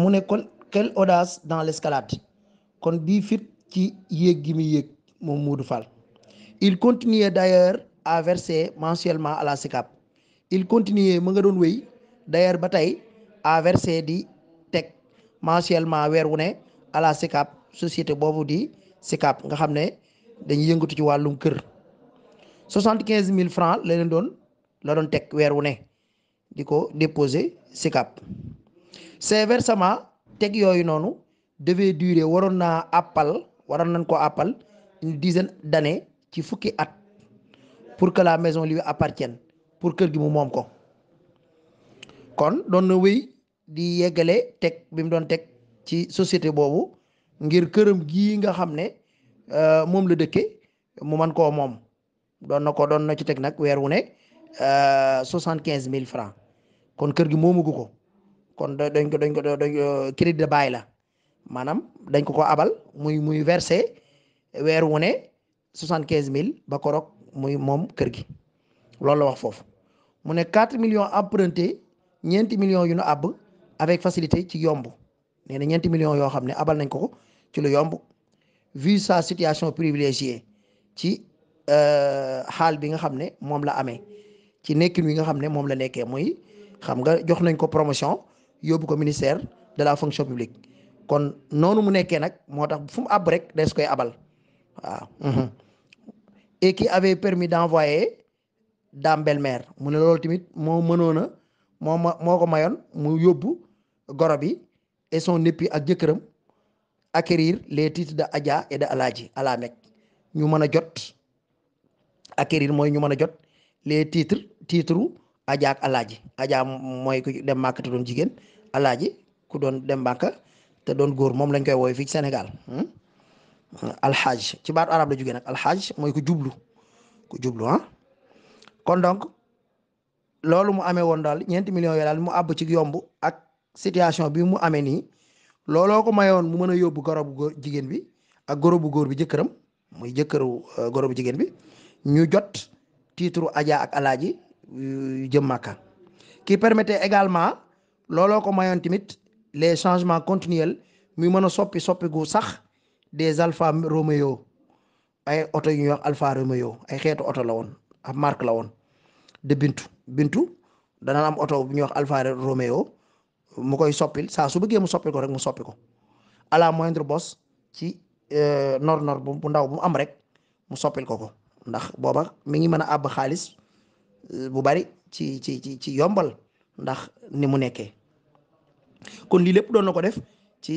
mu ne kon quelle audace dans l'escalade kon bii fit ci yéeg gi mu yéeg moom Modou Fall il continuait d'ailleurs à verser mensuellement à la SICAP il continuait mu nga doon wéy d'ailleurs ba tey à verser di teg mensuellement weer wu ne à la SICAP société boobu di SICAP nga xam ne dañuy yëngatu ci wàllum kër soixante quinze mille francs la leen doon la doon teg weer wu ne di ko déposer SICAP ces versements teg yooyu noonu devait durer waroon naa àppal waroon nañ ko appal une dizaine d'années ci fukki at pour que la maison lui appartienne pour kër gi mu moom ko kon doon na wéy di yeggale teg bi mu doon teg ci société boobu ngir këram gii nga xam ne euh, moom la dëkke mu man ko moom doon na ko doon na ci teg nag weer wu ne euh, soixante quinze mille francs kon kër gi moomugu ko kon dañ ko dañ ko dañ ko crédit de bail la maanaam dañ ko ko abal muy muy versé weer wu ne soixante quinze mille ba korok muy moom kër gi loolu la wax foofu mu ne quatre millions emprunté ñeenti millions yu nu àbb avec facilité ci yomb nee na ñeenti millions yoo xam ne abal nañ ko ko ci lu yomb vu sa situation privilégiée ci euh, xaal bi nga xam ne moom la amee ci nekkin wi nga xam ne moom la nekkee muy xam nga jox nañ ko promotion yóbbu ko ministère de la fonction publique kon noonu mu nekkee nag moo tax fu mu àbb rek des koy abal waaw mhm. et qui avait permis d'envoyer Dame Belle-Mère mu ne loolu tamit moo mënoon a moo moo ko mayoon mu yóbbu goro bi et son époux ak jëkkëram acquérir les titres de Adja et de Aladji à la ñu mën a jot acquérir mooy ñu mën a jot les titres titres Adja ak Alaaji Adja mooy ku dem Màkka te doon jigéen Alaaji ku doon dem Màkka te doon góor moom lañ koy woowee fii ci Sénégal hmm? alxaaj ci baatu arab la jógee nag alxaaj mooy ku jublu ku jublu ah kon donc loolu mu amee woon daal ñeenti million yi daal mu àbb ci yombu ak situation bi mu amee nii looloo ko mayoon mu mën a yóbbu gorobu góor jigéen bi ak bu góor bi jëkkëram muy jëkkëru euh, bu jigéen bi ñu jot titre Adja ak Alaaji Euh, jëm Màkka qui permettait également looloo ko mayoon tamit les changement continuels muy mën a soppi soppi gu sax des Alfa Romeo ay oto yu ñuy wax Alfa Romeo ay xeetu oto la a ab marque la woon de Bintu Bintu dana am oto bu ñuy wax Alfa Romeo mu koy soppil saa su bëggee mu soppil ko rek mu soppi ko à la moindre bosse ci nor euh, nor bu ndaw bu mu am rek mu soppil ko ko ndax booba mi ngi mën a xaalis. bu bari ci ci ci ci yombal ndax ni mu nekkee kon lii lépp doon na ko def ci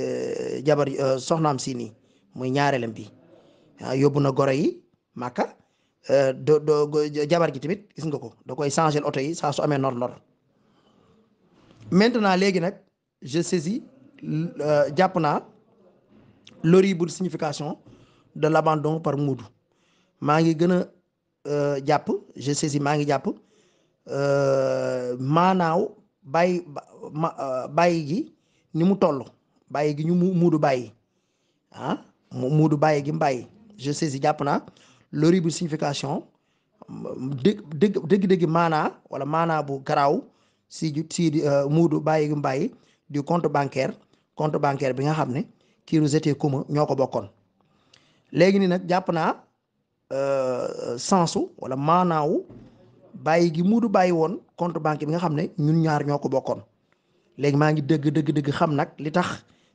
euh, jabar euh, soxnaam si nii muy ñaareelam bi ah, yóbbu na goro yi màkka euh, do do jabar ji tamit gis nga ko doo koy changé oto yi saa su amee nor-nor maintenant léegi nag je saisis jàpp naa l'horrible signification de l'abandon par Moodu maa ngi Euh, jàpp je saisis maa ngi jàpp euh, maanaaw bàyyi ma euh, bàyyi gi ni mu toll bàyyi gi mu muudu bàyyi ah mu muudu bàyyi gi mu bàyyi je saisis jàpp na l'horrible signification dëgg dëgg maanaa wala maanaa bu garaaw si si muudu bàyyi gi mu bàyyi du compte bancaire compte bancaire bi nga xam ne kii nous était commun ñoo ko bokkoon léegi nii nag jàpp naa. Euh, sensu wala maanaawu bàyyi gi muudu bàyyi woon compte banque bi nga xam ne ñun ñaar ñoo ko bokkoon léegi maa ngi dëgg dëgg dëgg xam nag li tax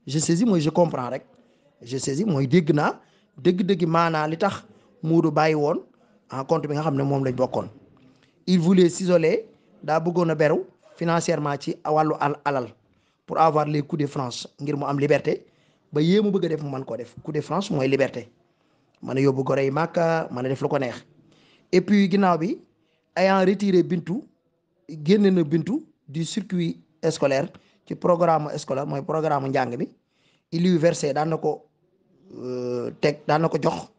je saisis mooy je comprends rek je saisis mooy dégg naa dëgg-dëgg maanaa li tax muudu bàyyi woon en compte bi nga xam ne moom lañ bokkoon il voulait s'isoler daa bëggoon a beru financièrement ci wàllu al alal pour avoir les coups de France ngir mu am liberté ba yéemu bëgg a def mu mën koo def coup de France mooy liberté mën a yóbbu gore yi màkka mën a def lu ko neex et puis ginnaaw bi ayant retiré Bintu génne na Bintu du circuit scolaire ci programme scolaire mooy programme njàng bi il lui daan na ko euh, teg daan na ko jox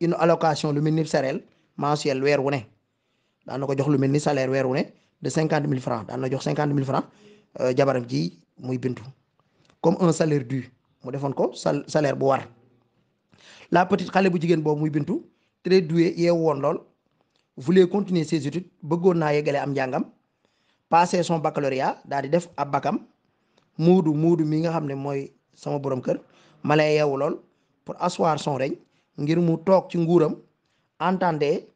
une allocation lu mel ni salaire mensuel weer wu na ko jox lu mel ni salaire weer wu ne de cinquante mille francs daan na jox cinquante mille francs euh, jabaram ji muy Bintu comme un salaire du mu defoon ko salaire bu war. la petite xale bu jigéen boobu muy bintu très douée yeew woon lool voulait continuer ses études bëggoon naa yeggale am njàngam passé son baccalauréat daal di def ab bakam muudu muudu mi nga xam ne mooy sama borom kër ma lay yeewu lool pour asseoir son règne ngir mu toog ci nguuram entendez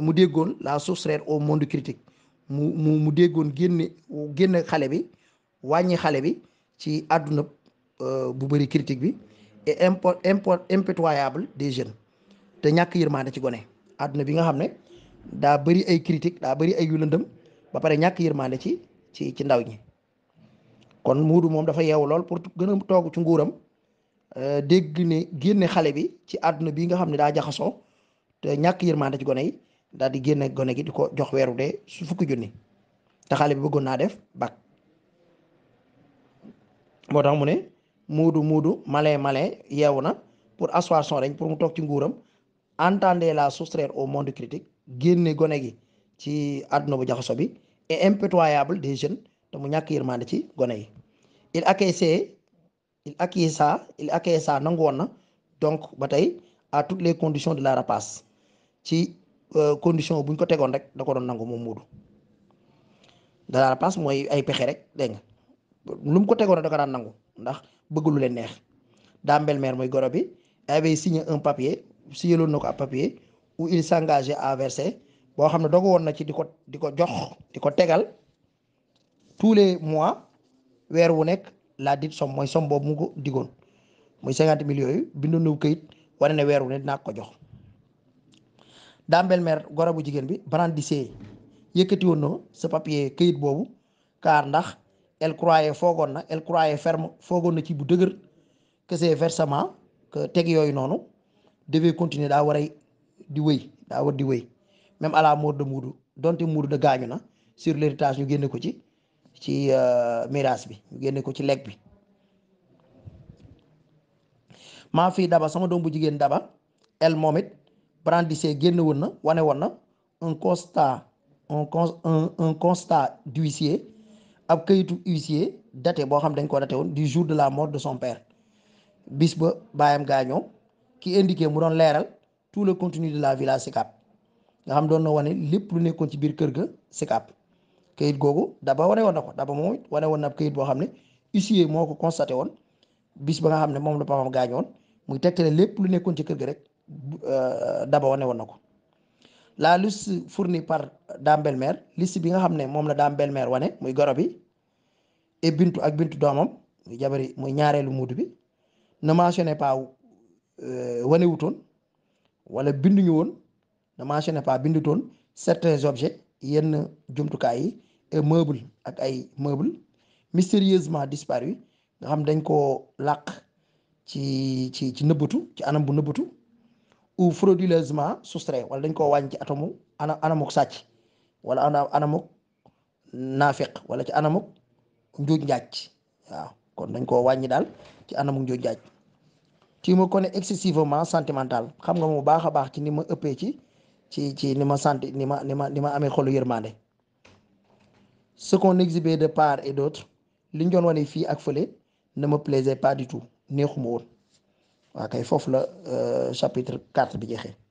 mu déggoon la soustraire au monde critique mu mu mu déggoon génne génne xale bi wàññi xale bi ci àdduna euh, bu bëri critique bi et impor impor impitoyable des jeunes te ñàkk yërmande ci gone àdduna bi nga xam ne daa bëri ay critique daa bëri ay yu ba pare ñàkk yërmande ci ci ci ndaw ñi kon muudu moom dafa yeewu lool pour gën a ci nguuram euh, dégg ne génne xale bi ci àdduna bi nga xam ne daa jaxasoo te ñàkk yërmande ci gone yi daal di génne gone gi di ko jox weeru dee su fukki junni te xale bi bëggoon naa def bac moo tax mu ne muudu muudu malin malin yeewu na pour asseoir son pour mu toog ci nguuram entendez la soustraire au monde critique génne gone gi ci àdduna bu jaxaso bi et impitoyable des jeunes te mu ñàkk yërmande ci gone yi il acquiesça il acquiesça il acquiesça nangu woon na donc ba tey à toutes les conditions de la rapace ci euh, condition buñ ko tegoon rek da ko doon nangu moom muudu de la rapace mooy ay pexe rek dégg nga lu mu ko tegoon rek da ko daan nangu ndax bëgg lu leen neex Dame Belmer mooy goro bi avait signé un papier signé loon na ko ab papier où il s'engageait à verser boo xam ne dogu woon na ci di ko di ko jox di ko tegal tous les mois weer wu nekk la dite somme mooy somme boobu mu ko digoon muy cinquante millions yooyu bindoon na këyit ne weer ko jox Dame Belmer goro bu jigéen bi brandissier yëkkati woon na sa papier këyit boobu car ndax. elle croyait foogoon na elle croyait ferme foogoon na ci bu dëgër que ces versements que teg yooyu noonu devait continuer daa war di wéy daa war di wéy même à la de Moodu donte Moodu da gaañu na sur l'héritage ñu génne ko ci ci euh, miraas bi ñu génne ko ci lekk bi maa fii daba sama doom bu jigéen daba elle moom it brandissait woon na wane woon na un constat un un un constat d'huissier ab kayitu huissier daté boo xam dañ ko daté woon du jour de la mort de son père bis ba baayam gaañoo ki indiqué mu doon leeral tout le contenu de la villa Sicap nga xam doon na wane lépp lu nekkoon ci biir kër ga Sicap kayit googu daba wane woon na ko daba moom it wane woon na ab kayit boo xam ne huissier moo ko constaté woon bis ba nga xam ne moom la papam gaañoon muy tegtale lépp lu nekkoon ci kër ga rek euh, daba wane woon na ko la liste fournie par Dame Belmer liste bi nga xam ne moom la Dame Belmer wane muy goro bi et bintu ak bintu doomam muy jabari muy ñaareelu muutu bi ne mentionné pas euh, wane wutoon wala binduñu woon ne mentionné pas bindutoon certains objets yenn jumtukaay yi et meuble ak ay meuble mystérieusement disparu nga xam dañ koo làq ci ci ci nëbbatu ci anam bu nëbbatu ou frauduleusement soustrait wala dañ koo wàññi ci atomu ana anamuk sàcc wala ana anamuk naafiq wala ci anamuk njuuj njaaj waaw kon dañ koo wàññi daal ci anamuk njuuj njaaj ci ma ko ne excessivement sentimental xam nga mu baax a baax ci ni ma ëppee ci ci ci ni ma senti ni ma ni ni ma amee xolu yërmande ce qu'on de part et d'autre liñ doon wane fii ak fële ne me plaisait pas du tout neexuma woon waaw kay foofu la euh, chapitre 4 bi jeexee